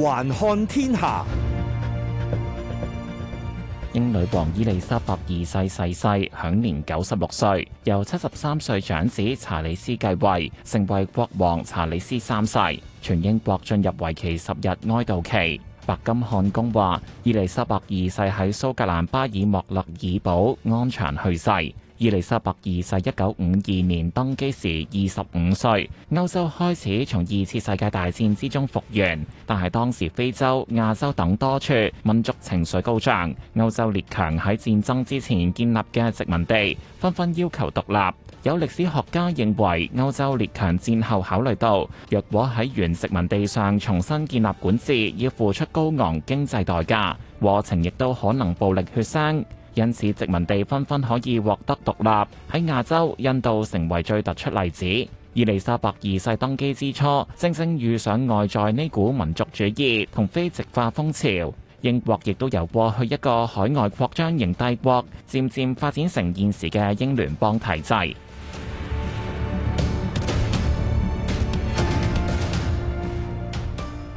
環看天下，英女王伊利沙伯二世逝世，世，世，享年九十六歲，由七十三歲長子查理斯繼位，成為國王查理斯三世。全英國進入為期十日哀悼期。白金漢宮話，伊利沙伯二世喺蘇格蘭巴爾莫勒爾堡安詳去世。伊利沙伯二世一九五二年登基時二十五歲，歐洲開始從二次世界大戰之中復原，但係當時非洲、亞洲等多處民族情緒高漲，歐洲列強喺戰爭之前建立嘅殖民地紛紛要求獨立。有歷史學家認為，歐洲列強戰後考慮到，若果喺原殖民地上重新建立管治，要付出高昂經濟代價，過程亦都可能暴力血腥。因此，殖民地紛紛可以獲得獨立。喺亞洲，印度成為最突出例子。伊利沙伯二世登基之初，正正遇上外在呢股民族主義同非殖化風潮。英國亦都由過去一個海外擴張型帝國漸漸發展成現時嘅英聯邦體制。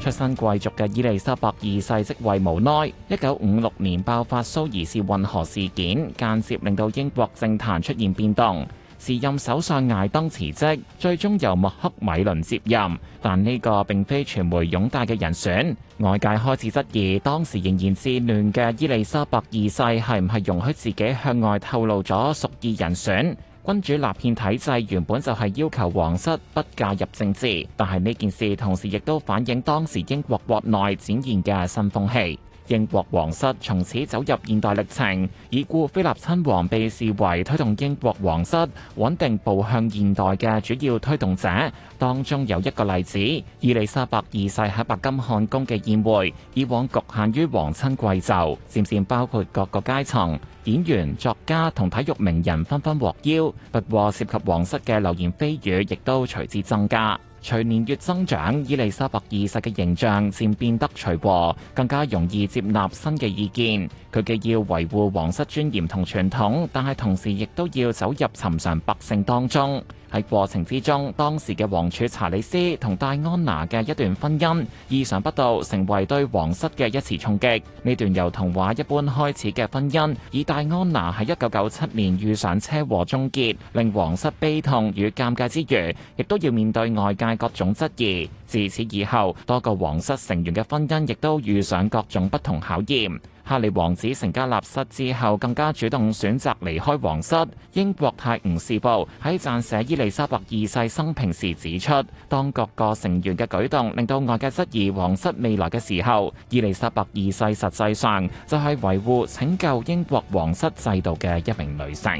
出身貴族嘅伊利沙伯二世職位無奈，一九五六年爆發蘇伊士運河事件，間接令到英國政壇出現變動，時任首相艾登辭職，最終由麥克米倫接任，但呢個並非傳媒擁戴嘅人選，外界開始質疑當時仍然戰亂嘅伊利沙伯二世係唔係容許自己向外透露咗屬意人選。君主立憲體制原本就係要求皇室不介入政治，但係呢件事同時亦都反映當時英國國內展現嘅新風氣。英國皇室從此走入現代歷程，已故菲臘親王被視為推動英國皇室穩定步向現代嘅主要推動者。當中有一個例子：伊麗莎白二世喺白金漢宮嘅宴會，以往局限於皇親貴胄，漸漸包括各個階層、演員、作家同體育名人紛紛獲邀，不過涉及皇室嘅流言蜚語亦都隨之增加。隨年月增長，伊利沙伯二世嘅形象漸變得隨和，更加容易接納新嘅意見。佢既要維護皇室尊嚴同傳統，但係同時亦都要走入尋常百姓當中。喺過程之中，當時嘅王儲查理斯同戴安娜嘅一段婚姻，意想不到成為對皇室嘅一次衝擊。呢段由童話一般開始嘅婚姻，以戴安娜喺一九九七年遇上車禍終結，令皇室悲痛與尷尬之餘，亦都要面對外界各種質疑。自此以後，多個皇室成員嘅婚姻亦都遇上各種不同考驗。哈利王子成家立室之後更加主動選擇離開皇室。英國泰晤士報喺撰寫伊利沙伯二世生平時指出，當各個成員嘅舉動令到外界質疑皇室未來嘅時候，伊利沙伯二世實際上就係維護拯救英國皇室制度嘅一名女性。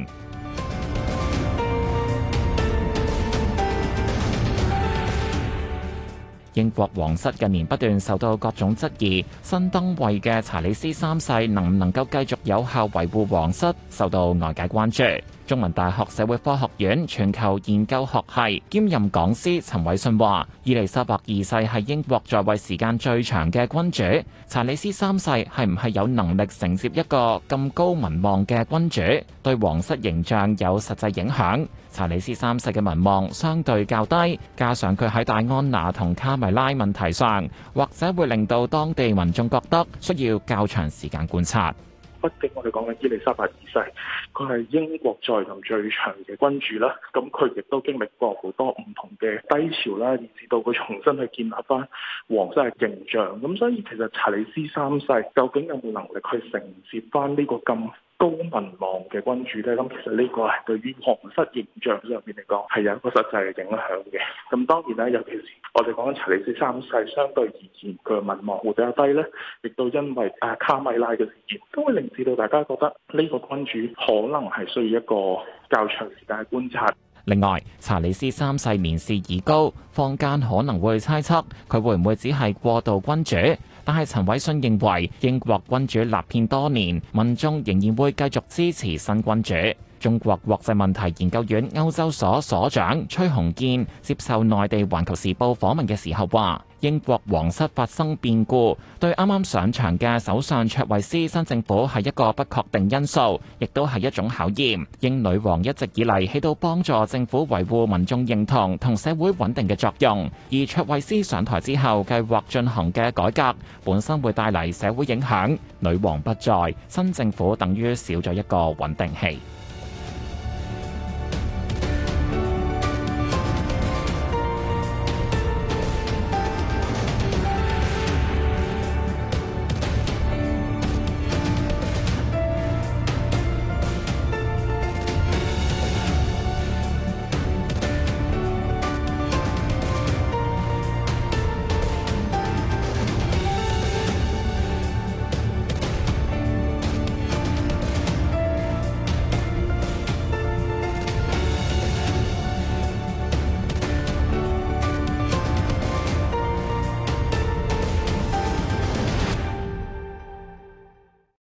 英國皇室近年不斷受到各種質疑，新登位嘅查理斯三世能唔能夠繼續有效維護皇室，受到外界關注。中文大學社會科學院全球研究學系兼任講師陳偉信話，伊利沙伯二世係英國在位時間最長嘅君主，查理斯三世係唔係有能力承接一個咁高民望嘅君主，對皇室形象有實際影響。查理斯三世嘅民望相對較低，加上佢喺戴安娜同卡米拉問題上，或者會令到當地民眾覺得，得需要較長時間觀察。畢竟我哋講緊伊利沙伯二世，佢係英國在任最長嘅君主啦，咁佢亦都經歷過好多唔同嘅低潮啦，以致到佢重新去建立翻皇室嘅形象。咁所以其實查理斯三世究竟有冇能力去承接翻呢個咁都民望嘅君主咧，咁其實呢個係對於皇室形象入面嚟講係有一個實際嘅影響嘅。咁當然啦，尤其是我哋講緊查理斯三世，相對而言佢嘅民望會比較低咧，亦都因為啊卡米拉嘅事件，都會令至到大家覺得呢個君主可能係需要一個較長時間嘅觀察。另外，查理斯三世年事已高，坊間可能會猜測佢會唔會只係過渡君主，但係陳偉信認為英國君主立憲多年，民眾仍然會繼續支持新君主。中國國際問題研究院歐洲所所長崔洪建接受內地環球時報訪問嘅時候話，英國皇室發生變故，對啱啱上場嘅首相卓慧思新政府係一個不確定因素，亦都係一種考驗。英女王一直以嚟起到幫助政府維護民眾認同同社會穩定嘅作用，而卓慧思上台之後計劃進行嘅改革本身會帶嚟社會影響。女王不在，新政府等於少咗一個穩定器。